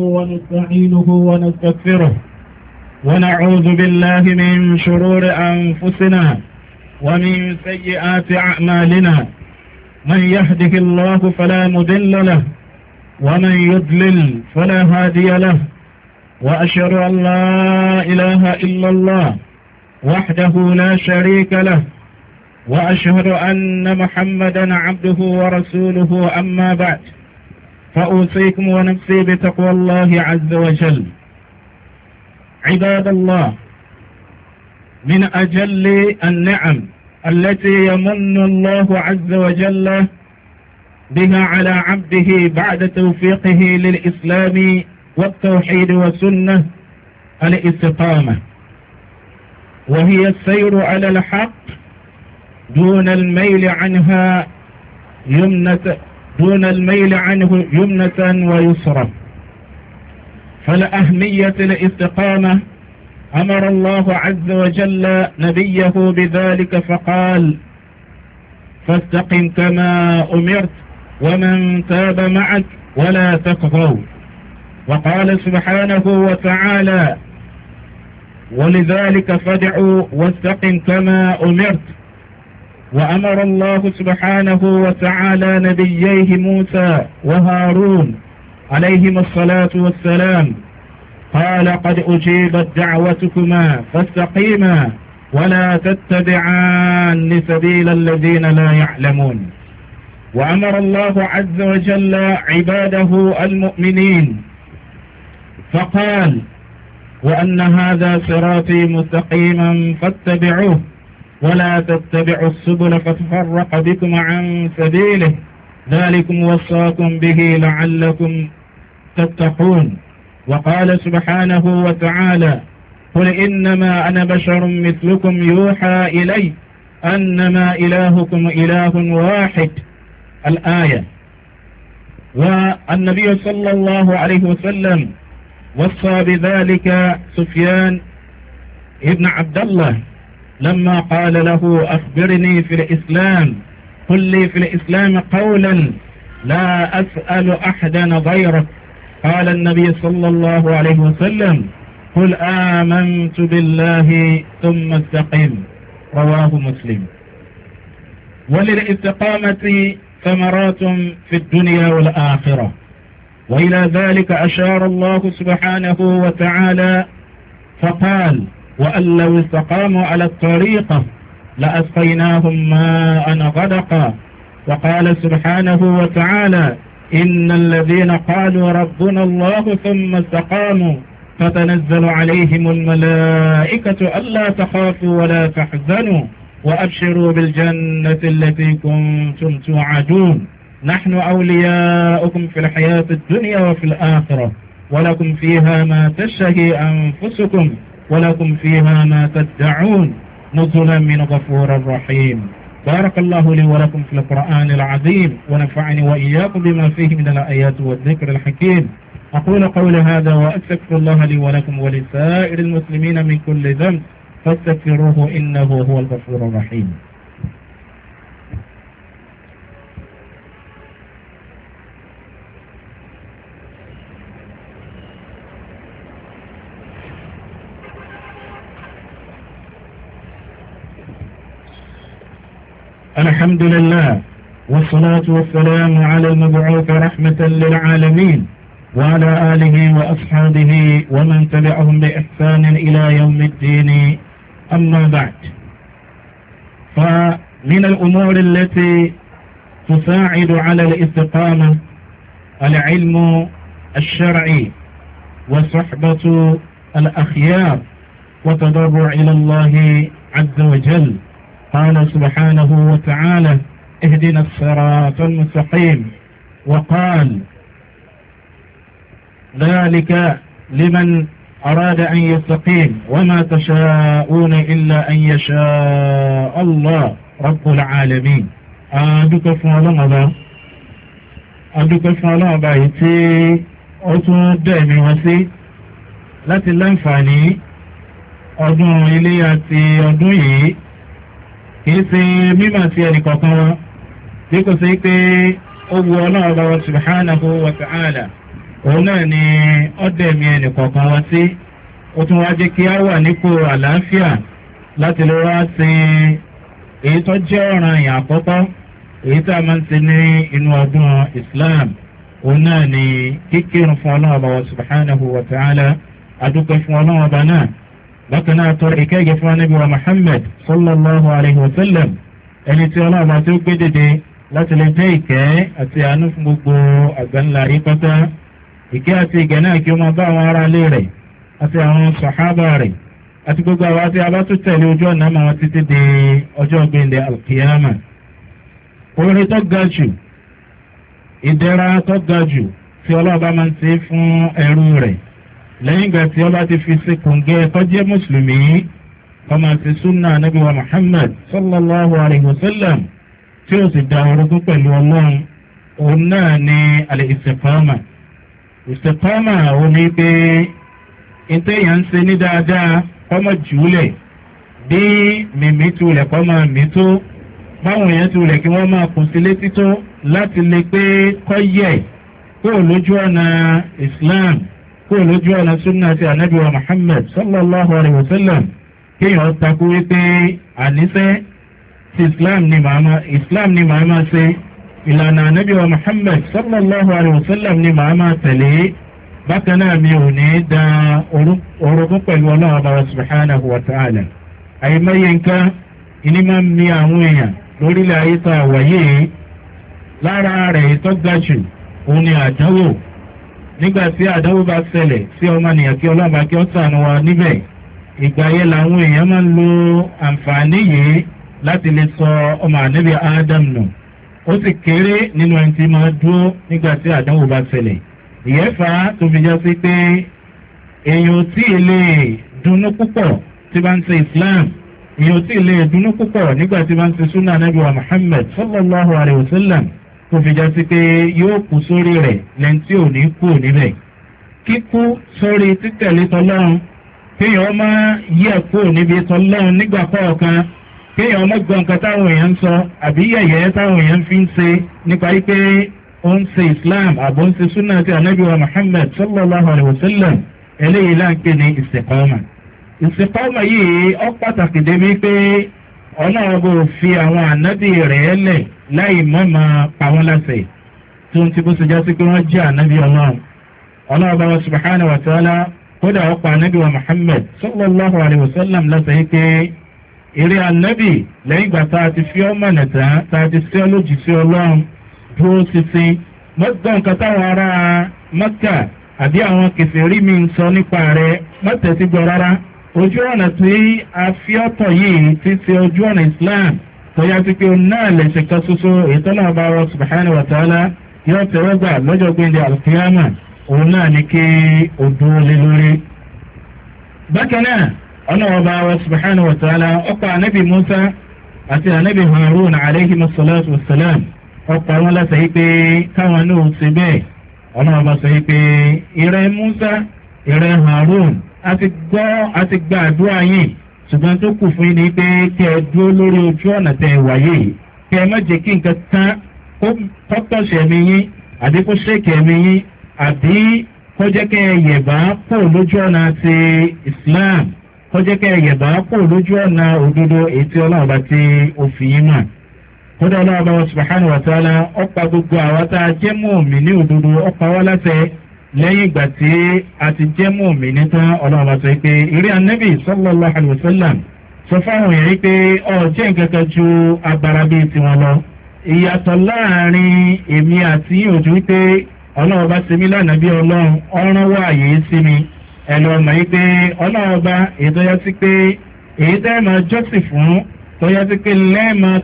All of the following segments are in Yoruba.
ونستعينه ونستغفره ونعوذ بالله من شرور أنفسنا ومن سيئات أعمالنا من يهده الله فلا مدل له ومن يضلل فلا هادي له وأشهد أن لا إله إلا الله وحده لا شريك له وأشهد أن محمدا عبده ورسوله أما بعد فأوصيكم ونفسي بتقوى الله عز وجل عباد الله من أجل النعم التي يمن الله عز وجل بها على عبده بعد توفيقه للإسلام والتوحيد والسنة الاستقامة وهي السير على الحق دون الميل عنها يمنة دون الميل عنه يمنة ويسرة فلأهمية الاستقامة أمر الله عز وجل نبيه بذلك فقال فاستقم كما أمرت ومن تاب معك ولا تكفر وقال سبحانه وتعالى ولذلك فدعوا واستقم كما أمرت وأمر الله سبحانه وتعالى نبييه موسى وهارون عليهما الصلاة والسلام قال قد أجيبت دعوتكما فاستقيما ولا تتبعان سبيل الذين لا يعلمون وأمر الله عز وجل عباده المؤمنين فقال وأن هذا صراطي مستقيما فاتبعوه ولا تتبعوا السبل فتفرق بكم عن سبيله ذلكم وصاكم به لعلكم تتقون وقال سبحانه وتعالى قل إنما أنا بشر مثلكم يوحى إلي أنما إلهكم إله واحد الآية والنبي صلى الله عليه وسلم وصى بذلك سفيان ابن عبد الله لما قال له أخبرني في الإسلام قل لي في الإسلام قولا لا أسأل أحدا غيرك قال النبي صلى الله عليه وسلم قل آمنت بالله ثم استقم رواه مسلم وللاستقامة ثمرات في الدنيا والآخرة وإلى ذلك أشار الله سبحانه وتعالى فقال وأن لو استقاموا على الطريقة لأسقيناهم ماء غدقا وقال سبحانه وتعالى إن الذين قالوا ربنا الله ثم استقاموا فتنزل عليهم الملائكة ألا تخافوا ولا تحزنوا وأبشروا بالجنة التي كنتم توعدون نحن أولياؤكم في الحياة الدنيا وفي الآخرة ولكم فيها ما تشهي أنفسكم ولكم فيها ما تدعون نزلا من غفور رحيم بارك الله لي ولكم في القرآن العظيم ونفعني وإياكم بما فيه من الآيات والذكر الحكيم أقول قول هذا وأستغفر الله لي ولكم ولسائر المسلمين من كل ذنب فاستغفروه إنه هو الغفور الرحيم الحمد لله والصلاة والسلام على المبعوث رحمة للعالمين وعلى آله وأصحابه ومن تبعهم بإحسان إلى يوم الدين أما بعد فمن الأمور التي تساعد على الاستقامة العلم الشرعي وصحبة الأخيار وتضرع إلى الله عز وجل قال سبحانه وتعالى اهدنا الصراط المستقيم وقال ذلك لمن أراد أن يستقيم وما تشاءون إلا أن يشاء الله رب العالمين أدوك فعلنا الله أدوك فعلنا بايتي أتون دائمي وسي láti láǹfààní ọdún ilé àti ọdún kìí ṣe mímọ̀ sí ẹnìkọ̀ọ̀kan wọn bí kò sí pé ó wu ọlọ́ọ̀lọ́ subhanahu wa ta'ala òun náà ni wọn sí ó tún jẹ́ wà ní inú ọdún Islam òun náà ni fún wa ta'ala adúpẹ́ fún bákan náà tọrọ ìkẹ́gẹ́ fún anábì wa Muhammad sallallahu alayhi wa sallam ẹni tí ọlọ́ọ̀bá tó gbé dìde láti lè jẹ́ ìkẹ́ àti àánú fún gbogbo àgbáńlá yìí pátá ìkẹ́ àti ìgẹ̀ náà kí ó máa bá àwọn ará ilé rẹ̀ àti àwọn sàhábà rẹ̀ àti gbogbo àwọn àti abátú tẹ̀lé ojú ọ̀nà àwọn títí di ọjọ́ gbẹ̀ndẹ̀ alkiyama orin tó ga jù ìdẹ̀ra tó ga jù tí ọlọ́ọ̀bá máa ń ṣe fún ẹrú rẹ̀ lẹ́yìn ìgbà tí ọba ti fi sí kùngẹ́ tọ́jẹ́ mùsùlùmí ọmọ àti súnà anábì wa muhammad sallallahu alayhi wa sallam tí ó sì da orogún pẹ̀lú ọlọ́run òun náà ní alẹ́ ìsèkọ́mà ìsèkọ́mà ò ní pé ìtẹ̀yà ń se ní dáadáa kọ́mọ jùúlẹ̀ bí mímí túlẹ̀ kọ́mọ mí tó báwọn èèyàn túlẹ̀ kí wọ́n máa kùn sí létí tó láti lè pé kọ́ kó lójú ọ̀nà islam kúrò lójú ọ̀nà súnà ti ànábì wa Muhammad sallallahu alayhi wa sallam kéèyàn takú wípé àníṣẹ́ ti Islam ni màá máa ṣe ìlànà ànábì wa Muhammad sallallahu alayhi wa sallam ni màá máa tẹ̀lé bákan náà mi ò ní da orogún pẹ̀lú ọlọ́run bá wa subhanahu ta'ala àyèmáyé nǹkan ìní máa ń mi àwọn èèyàn lórílẹ̀ ayé tá a lára rẹ̀ tó ga òun ni àdánwò nígbà tí àdáwò bá ṣẹlẹ̀ sí ọmọnìyàn kí ọlọ́ba kí ó ṣàánú wa níbẹ̀ ìgbà yẹn làwọn èèyàn máa ń lo àǹfààní yìí láti lè sọ ọmọ ànábì Adam nù ó sì kéré nínú ẹni tí máa dúró nígbà tí àdáwò bá ṣẹlẹ̀ ìyẹ́fà tó fi jọ sí pé èèyàn tí ì lè dunnú púpọ̀ tí bá ń ṣe Islam èèyàn tí ì lè dunnú púpọ̀ nígbà tí bá ń ṣe sunnah ànábì wa Muhammad sallallahu alayhi wa sallam tó fi jẹ́ sí pé yóò kú sórí rẹ̀ lẹ́yìn tí ò ní kú níbẹ̀ kíkú sórí títẹ̀lé tọ́lọ́run kéèyàn má yẹ kú níbi tọ́lọ́run nígbà kọ̀ọ̀kan kéèyàn má gbọ́ nǹkan táwọn èèyàn ń sọ àbí yẹ̀yẹ́ táwọn èèyàn fi ń ṣe nípa wípé ó ń ṣe islam àbò ń ṣe súnà tí anabi wa muhammed sallallahu alayhi wa sallam eléyìí láǹpẹ́ ní ìsìnkọ́mà ìsìnkọ́mà yìí ó pàtàkì débi pé ọlọ́run fi àwọn ànábì rẹ̀ lẹ̀ láì mọ́ máa pa wọ́n láṣẹ tó ń ti bó ṣe já sí pé wọ́n jẹ́ ànábì ọlọ́run ọlọ́run bá wọn subahana wa ta'ala kódà ó pa ànábì wa muhammed sallallahu alayhi wa sallam láṣẹ yìí pé eré ànábì lẹ́yìn ìgbà tá a ti fi ọmọ nàta tá a ti fi ọlójì sí ọlọ́run dúró ṣinṣin mọ́tò nǹkan táwọn ará mọ́kà àbí àwọn kẹfẹ́rí mi ń sọ nípa rẹ̀ mọ́tẹ̀sígbọ́ rárá ojú ọ̀nà tí a fi ọ̀tọ̀ yìí ti ṣe ojú ọ̀nà islam tọ́já sí pé náà lẹ̀ṣẹ̀ kan ṣoṣo ìtọ́lá ọba ọ̀rọ̀ subhanahu wa ta'ala yóò tẹ́wọ́ gbà lọ́jọ́ gbẹ̀ndẹ̀ alkiyama òun náà ní kí o dúró lé lórí. bákan náà ọlọ́wọ́ ọba ọ̀rọ̀ subhanahu wa ta'ala ọkọ̀ anabi musa àti anabi harun alayhi masalatu wasalam ọkọ̀ wọn lọ́sẹ̀ yìí pé káwọn náà ṣe bẹ́ẹ̀ ọlọ́wọ́ ọba sọ yìí pé ìrẹ́ musa ìrẹ́ harun àti gbọ́ àti gbàdúrà yìí ṣùgbọ́n tó kù fún yín ni pé kí ẹ dúró lórí ojú ọ̀nà tẹ wáyé yìí kí ẹ má jẹ́ kí nǹkan tán kó tọ́tọ̀ṣẹ̀ mi yín àbí kó ṣèkẹ̀ mi yín àbí kó jẹ́ kí ẹ yẹ̀bá kó lójú ọ̀nà ti Islam kó jẹ́ kí ẹ yẹ̀bá kó lójú ọ̀nà òdodo èyí tí ọlọ́run bá ti òfin yín mà kódà ọlọ́run bá wọn subhanahu wa ta'ala ọ̀pá gbogbo àwọn tá a jẹ́ mọ́ òmìnir lẹ́yìn ìgbà tí a ti jẹ́ mùmí nítán ọlọ́run sọ pé eré anábì sallallahu alaihi ya sọ fáwọn èèyàn pé ọ̀jẹ́ nǹkan ju agbára bíi tiwọn lọ ìyàtọ̀ láàrin èmi àti òjú pé ọlọ́run bá ṣe mí lánàá bí ọlọ́run wà yìí sí mi ọmọ yìí pé ọlọ́run bá ìdọ́yà sí pé èyí tẹ́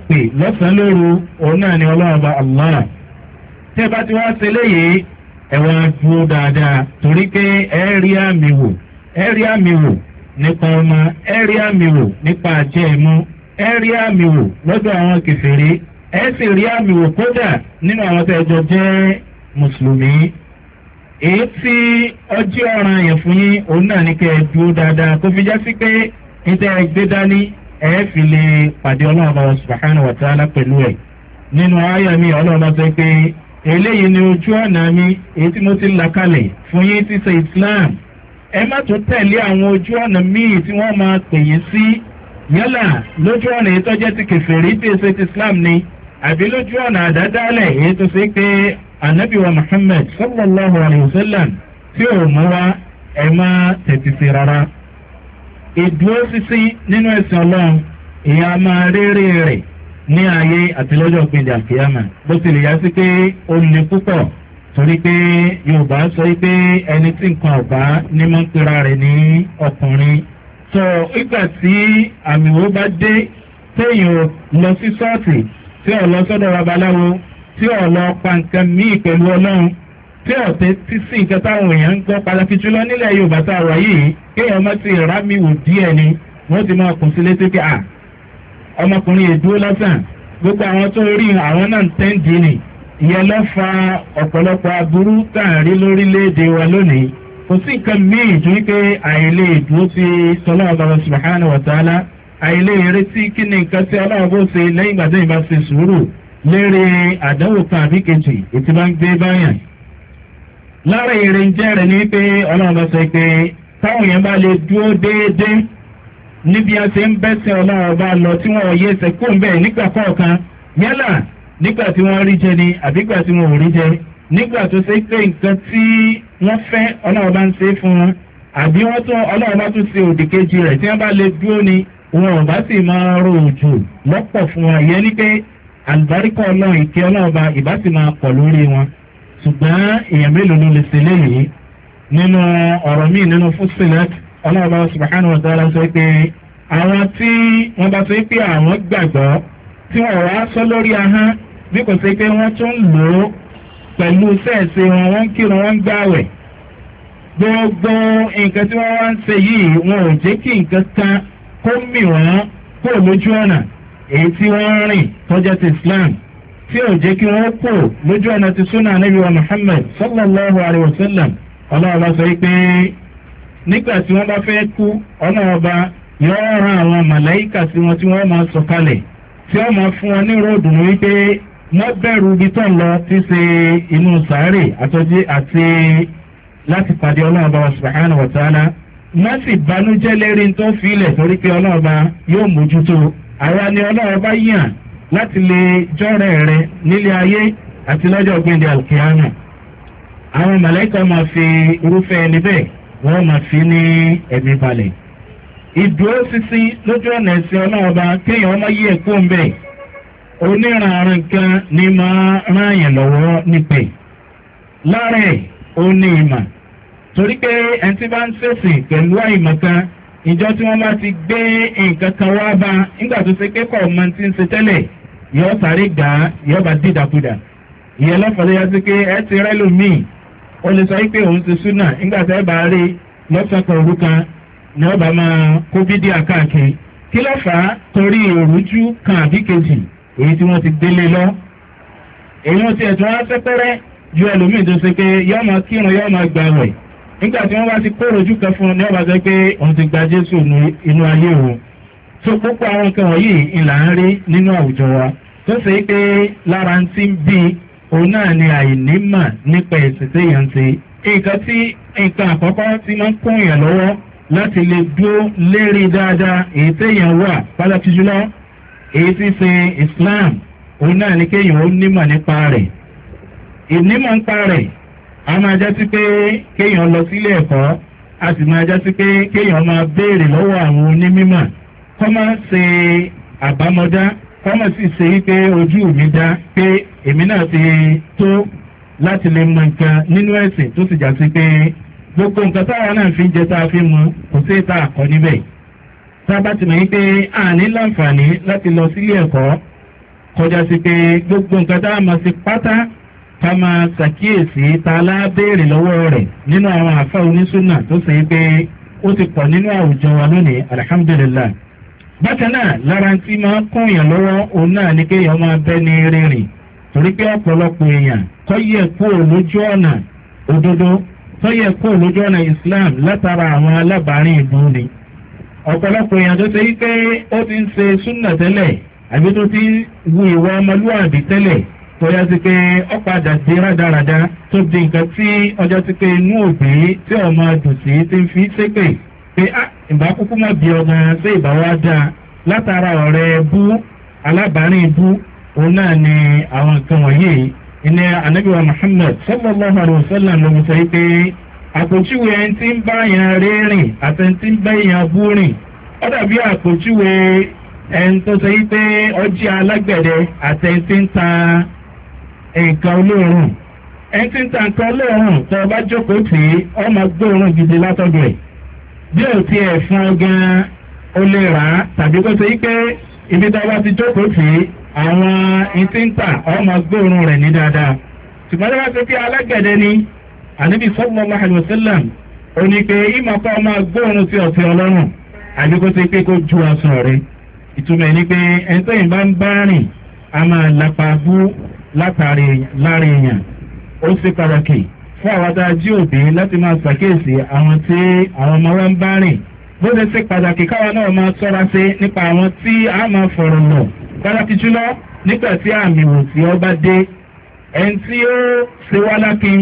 pè lọ́sàn-án lóru òun náà ni ọlọ́run bá ẹ̀wọ̀n dúró dáadáa torí pé ẹ rí àmì wò ẹ rí wò nípa ọmọ ẹ rí wò nípa àjẹ ẹ̀mú ẹ rí wò lọ́dọ̀ àwọn kìfèrè ẹ rí àmì wò kódà nínú àwọn tẹ́ jọ jẹ́ mùsùlùmí. èyí tí ọjọ́ ọ̀ràn yẹn fún yín òun náà ní kẹ́ dúró dáadáa kó fi já eléyìí ni ojú ọ̀nà mi èyí tí mo ti là kalẹ̀ fún yín ti ṣe islam ẹ má tún tẹ̀lé àwọn ojú ọ̀nà míì tí wọ́n máa pè yín sí yálà lójú ọ̀nà èyí tó ti kèfèrí tí èsè ti islam ni àbí lójú ọ̀nà àdádálẹ̀ èyí tó ṣe pé anabi wa muhammad sallallahu alayhi wa sallam tí ò mú wa ẹ má tètè sí rárá ìdúró sísí nínú ẹ̀sìn ọlọ́run ìyá máa réré rẹ̀ ní ayé àtìlọ́jọ́ gbèdé àkíyàmà bó tilẹ̀ yá sí pé ó le púpọ̀ torí pé yorùbá sọ pé ẹni tí nǹkan ọ̀bá ní mọ́ ń pera rẹ̀ ní ọkùnrin sọ ìgbà tí àmì wo bá dé téèyàn lọ sí ṣọ́ọ̀tì tí ò lọ sọ́dọ̀ babaláwo tí ò lọ pa nǹkan míì pẹ̀lú ọlọ́run tí ọ̀tẹ́ tí sí nǹkan táwọn èèyàn ń gbọ́ pàtàkì jùlọ nílẹ̀ yorùbá tá a wà yìí kéèyàn má ti rámìwò díẹ̀ ni wọ́n ti máa kùn sí létí pé à ọmọkùnrin èdúró lọ́sàn gbogbo àwọn tó rí àwọn náà ń tẹ́ǹdì ni ìyẹn ló fa ọ̀pọ̀lọpọ̀ aburú tá à ń rí lórílẹ̀‐èdè wa lónìí kò sí nǹkan míì ju wípé àìlè ìdúró ti tọ́lá ọ̀bàbà subhanahu wa ta'ala àìlè ìrètí kí ni nǹkan tí ọlọ́run bó ṣe lẹ́yìn ìgbà tó ìbá ṣe sùúrù lérí àdánwò kan àbí kejì ètí bá ń gbé báyàn. lára ìrìn jẹ́rìí ni wípé ọlọ́run sọ pé táwọn yẹn bá lè dúró déédéé níbi a ṣe ń bẹ́sẹ̀ ọlọ́run ọba lọ tí wọ́n yé ẹsẹ̀ kó ń bẹ̀ nígbà kọ̀ọ̀kan yálà nígbà tí wọ́n rí jẹ ni àbígbà tí wọ́n ò rí jẹ nígbà tó ṣe pé nǹkan tí wọ́n fẹ́ ọlọ́run bá ń ṣe fún wọn àbí wọ́n tún ọlọ́run bá tún ṣe òdì kejì rẹ̀ tí wọ́n bá lè dúró ni wọn ò bá sì máa rò jù lọ́pọ̀ fún wọn ìyẹn ni pé àlùbáríkà ọlọ́run ìkẹ́ ọlọ́ọ̀lọ́ subhanahu wa ta'ala sọ pé àwọn tí wọ́n bá sọ pé àwọn gbàgbọ́ tí wọ́n wá sọ lórí ahọ́n bí kò sí pé wọ́n tún lò ó pẹ̀lú sẹ́ẹ̀sì wọn wọ́n kírun wọ́n gbààwẹ̀ gbogbo nǹkan tí wọ́n wá ń ṣe yìí wọn ò jẹ́ kí nǹkan kan kó mì wọ́n kó lójú ọ̀nà èyí tí wọ́n rìn tọ́jà ti Islam tí ò jẹ́ kí wọ́n kó lójú ọ̀nà ti súnà Ànábì wa Muhammad sallallahu alayhi wa sallam ọlọ́ọ̀lọ́ sọ pé. nígbà tí wọ́n bá fẹ́ kú ọ̀nà ọba yọ ran àwọn màláìkà wọn tí wọ́n máa sọ̀kalẹ̀ tí wọ́n máa fún wọn ní ní wípé bẹ̀rù ibi lọ ti ṣe inú sàárè àtọ́jú àti láti pàdé ọlọ́run ọba sì lérí tó torí ni ọba yàn láti lè rẹ nílé ayé àti àwọn màláìkà máa fi ẹni wọ́n máa fi ní ẹ̀mí balẹ̀ ìdúró sísí lójú ọ̀nà ẹ̀sìn ọlọ́ọ̀ba kéèyàn ọmọ yí ẹ̀kú ń bẹ̀ oníranran kan ní máa ràn yàn lọ́wọ́ nípẹ̀ lára ẹ̀ ó ní ìmọ̀ torí pé ẹni tí bá ń ṣèṣìn pẹ̀lú àìmọ̀ kan ìjọ tí wọ́n bá ti gbé nǹkan kan wá bá nígbà tó ṣe pé kọ̀ ọmọ tí ń ṣe tẹ́lẹ̀ yọ sáré gbà yọ bá dídàkudà ìyẹn lọ́fọ̀ọ́ o lè sọ pé òun ti súnà nígbà tẹ́ bá rí lọ́sọ̀kan òru kan ni wọ́n bá máa kó bídíà káàkiri kí ló fà á torí òrújú kan àbí kejì èyí tí wọ́n ti délé lọ èyí wọ́n ti ẹ̀tún wá sẹ́pẹ́rẹ́ ju ẹlòmíì tó ṣe pé yọ́ máa kírun yọ́ máa gbà wẹ̀ nígbà tí wọ́n bá ti kó òrújú kan fún un ni wọ́n bá sọ pé òun ti gba Jésù inú ayé òun tó gbogbo àwọn nǹkan wọ̀nyí ìlà rí nínú àwùjọ wa tó ṣe pé lára ń ti ń bíi òun náà ni àìnímà nípa ẹ̀sìn téèyàn ń ṣe nǹkan tí nǹkan àkọ́kọ́ ti máa ń kún yàn lọ́wọ́ láti lè dúró lérí dáadáa èyí téèyàn wà pàtàkì jùlọ èyí tí ṣe Islam òun náà ni kéèyàn ó nímọ̀ nípa rẹ̀ ìnímọ̀ nípa rẹ̀ a máa jásí pé kéèyàn lọ sílé ẹ̀kọ́ a sì máa jásí pé kéèyàn máa béèrè lọ́wọ́ àwọn onímọ̀ kọ́ máa ṣe àbámọ́dá kọ́ máa sì ṣe wípé ojú mi dá pé èmi náà ti tó láti lè mọ nǹkan nínú ẹ̀sìn tó sì já sí pé gbogbo nǹkan táwa náà fi ń jẹ tá a fi mọ kò sí ìta àkọ́ níbẹ̀ tá a bá ti mọ̀ yín pé a ní láǹfààní láti lọ sílé ẹ̀kọ́ kọjá sí pé gbogbo nǹkan tá a máa ṣe pátá ká máa ṣàkíyèsí ta lábéèrè lọ́wọ́ rẹ̀ nínú àwọn àfa onísùnà tó ṣe pé ó ti pọ̀ nínú àwùjọ wa lónìí alihamudulilayi bákan náà lára tí máa kún yàn lọ́wọ́ òun náà ni kéèyàn máa bẹ́ ní rírìn torí pé ọ̀pọ̀lọpọ̀ èèyàn tó yẹ kó lójú ọ̀nà òdodo tó yẹ lójú islam látara àwọn alábàárín ìlú ni ọ̀pọ̀lọpọ̀ èèyàn tó ṣe pé ó ti ń ṣe súnà tẹ́lẹ̀ àbí tó ti wu ìwà ọmọlúwàbí tẹ́lẹ̀ sí pé ó padà di rádaràda tó di nǹkan tí ọjọ́ sí pé inú òbí tí ọmọ ti ń fi ṣépè pé ìbá òun náà ni àwọn nǹkan wọ̀nyí ilé anábìwá sallallahu alayhi wa ló ń sọ pé ẹni tí ń bá yàn rírìn àti ẹni tí ń bá bú rìn ó dàbí ẹni tó sọ pé ọjí alágbẹ̀dẹ àti ẹni tí ń ta gidi látọ̀dọ̀ ẹ̀ bí fún ọ gan-an ó lè rà á tàbí kó sọ pé ibi àwọn ìtíntà ọmọ gbóòrùn rẹ̀ ní dáadáa ṣùgbọ́n tó bá ṣe pé alágbẹ̀dẹ ni ànábì sallallahu alaihi wasallam ó ní pé ìmọ̀pá ọmọ gbóòrùn sí ọ̀sẹ̀ ọlọ́run àdúgbò ṣe pé kó ju aṣọ rẹ̀ ìtumọ̀ ni pé ẹni tó yìnbá ń bá rìn a máa lapa bú látàrí láàrin èèyàn ó ṣe pàtàkì fún àwọn tá a jí òbí láti máa ṣàkíyèsí àwọn tí àwọn ọmọ wa ń bá rìn bó ṣe ṣe pàtàkì káwa náà máa ṣọ́ra ṣe nípa àwọn tí a máa fọ̀rọ̀ lọ pàtàkì jùlọ nígbà tí àmì ìwòsí ọba dé ẹni tí ó ṣe wá lákin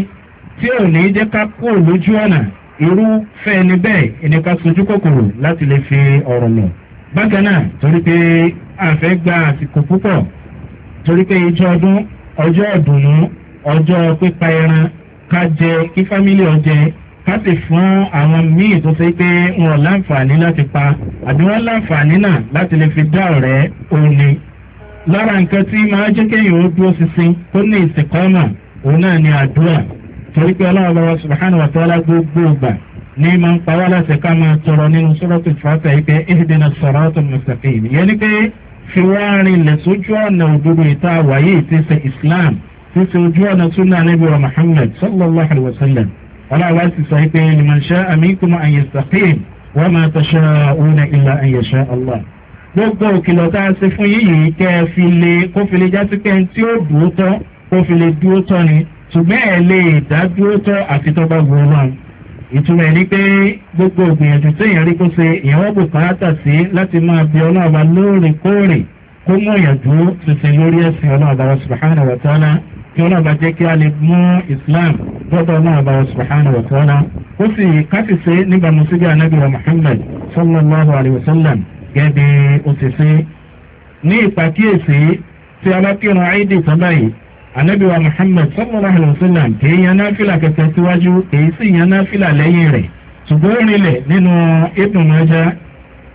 tí ò ní jẹ́ ká kú lójú ọ̀nà irúfẹ́ ẹni bẹ́ẹ̀ ẹni ká sojú kòkòrò láti lè fi ọ̀rọ̀ lọ. bákan náà torí pé àfẹ́ gba àsìkò púpọ̀ torí pé ijó ọdún ọjọ́ ọ̀dùnnú ọjọ́ pípa ẹran ká jẹ kí fámílì ọjẹ ká sì fún àwọn míì tó ṣe pé wọn láǹfààní láti pa àbí wọn láǹfààní náà láti lè fi dá ọ̀rẹ́ òní lára nǹkan tí máa jẹ́ kéèyàn ó dúró ṣinṣin ó ní ìsìnkọ́mà òun náà ni àdúrà torí pé ọlọ́run lọ́wọ́ subhanahu wa ta'ala gbogbo ìgbà ní máa ń pa wá láti ká máa tọrọ nínú sọ́rọ́tò ìfọ́tà yìí pé ihdina sirata al-mustaqim yẹn ni pé fi wá rinlẹ̀ sójú ọ̀nà òdodo ìta àwáyé ìtẹ̀sẹ̀ Islam títí ojú ọ̀nà súnà níbi wa Muhammad sallallahu alayhi wa sallam ọlọ́run wá sì sọ gbogbo ìkìlọ̀ tá a ṣe fún yíyí kẹ́ ẹ fi lè kó fi lè jásí pé ẹni tí ó dúró tọ́ kó fi lè dúró tọ́ ni ṣùgbọ́n ẹ̀ lè dá dúró tọ́ àti tọ́gbà gbòòrò náà ìtumọ̀ ní pé gbogbo ògbìyànjú téèyàn rí kó ṣe ìyàwó bùkátà sí láti máa bí ọlọ́ọ̀bá lóòrèkóòrè kó mú ìyànjú tuntun lórí ẹ̀sìn ọlọ́ọ̀bá wa subhanahu wa ta'ala kí ọlọ́ọ̀bá jẹ́ kí a lè mú islam lọ́dọ̀ ọlọ́ọ̀bá wa subhanahu wa ta'ala ó sì káfíṣe nígbà mùsùlùmí anábìwá muhammad sallallahu alayhi wa sallam gẹ́gẹ́ òṣìṣẹ́ ní ìpàkíyèsí tí alákìrún àìdì sọ́bà yìí Ànábì wa Muhammad sallallahu alaihi wasallam kìí yan náfìlà kẹsẹ̀ síwájú kìí sì yan náfìlà lẹ́yìn rẹ̀ ṣùgbọ́n rinlẹ̀ nínú Ibn Majah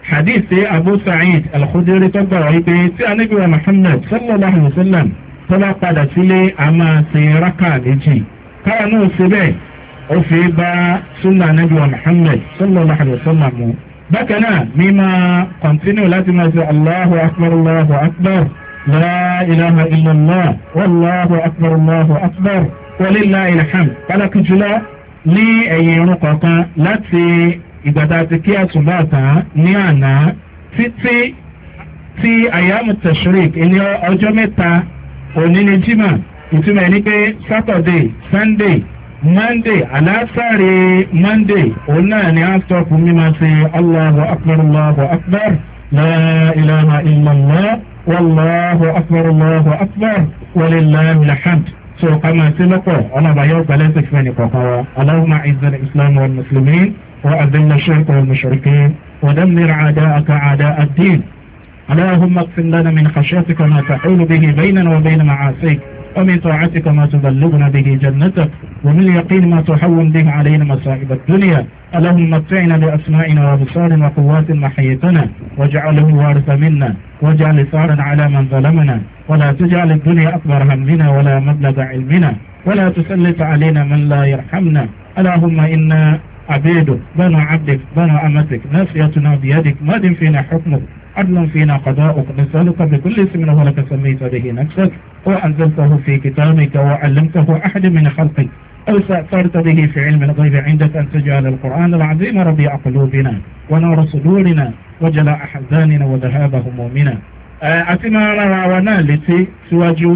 hadith Abu Sa'id al-Khudri tó gbà wáyé pé tí Ànábì wa Muhammad sallallahu alaihi wasallam tó bá padà sílé a máa ṣe rákà méjì káwọn náà ṣe bẹ́ẹ̀ ó fi bá súnà Ànábì wa Muhammad sallallahu alaihi mu bákan náà ní máa kọ̀ntínú láti máa sọ Allahu akbar Allahu akbar la ilaha illallah wallahu akbar Allahu akbar walillahi alhamd pálákì jùlọ ní ẹ̀yìn irun kọ̀ọ̀kan láti ìgbàdá ti kí àtúbà tán ní àná títí tí àyàmù tashrik ní ọjọ́ mẹ́ta òní ní jimá ìtumọ̀ ní pé sátọ̀dé sunday monday aláṣàrí monday òun ni a sọ fún mímọ sí allahu akbar allahu akbar la ilaha illallah wallahu akbar allahu akbar walillahi alhamd so kama sí lọ́pọ̀ ọlọ́ba yóò gbẹ́lẹ́ sí fún ẹnì kọ̀ọ̀kan wa allahumma izzal islam wal muslimin wa adilla shirka wal mushrikin wa damir dammir a'da'aka a'da' ad-din اللهم min لنا من خشيتك ما تحول به بيننا وبين معاصيك ومن طاعتك ما تبلغنا به جنتك ومن اليقين ما تحوم به علينا مصائب الدنيا اللهم متعنا بأسمائنا وأبصار وقوات محيتنا واجعله وارث منا واجعل ثارا على من ظلمنا ولا تجعل الدنيا أكبر همنا ولا مبلغ علمنا ولا تسلط علينا من لا يرحمنا اللهم إنا عبيدك بنو عبدك بنو أمتك ناسيتنا بيدك ماد فينا حكمك عدل فينا قضاؤك نسألك بكل اسم هو لك سميت به نفسك وأنزلته في كتابك وعلمته أحد من خلقك أو سأثرت به في علم الغيب عندك أن تجعل القرآن العظيم ربيع قلوبنا ونور صدورنا وجلاء حزاننا وذهاب همومنا آه، أتما máa لتي سواجو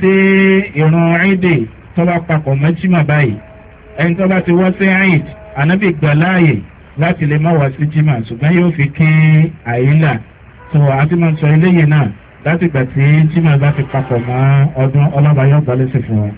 تي ìran ẹ̀dẹ̀ tó bá papọ̀ mẹ́jìmá báyìí ẹni tó bá ti wọ́ ànábì gbà láàyè láti lè má wá sí jimá ṣùgbọ́n yóò fi kí àyílà tó àti máa sọ eléyìí náà láti gbà tí jimá bá fi papọ̀ mọ́ ọdún ọlọ́ba yóò gbà lẹ́sìn fún wọn.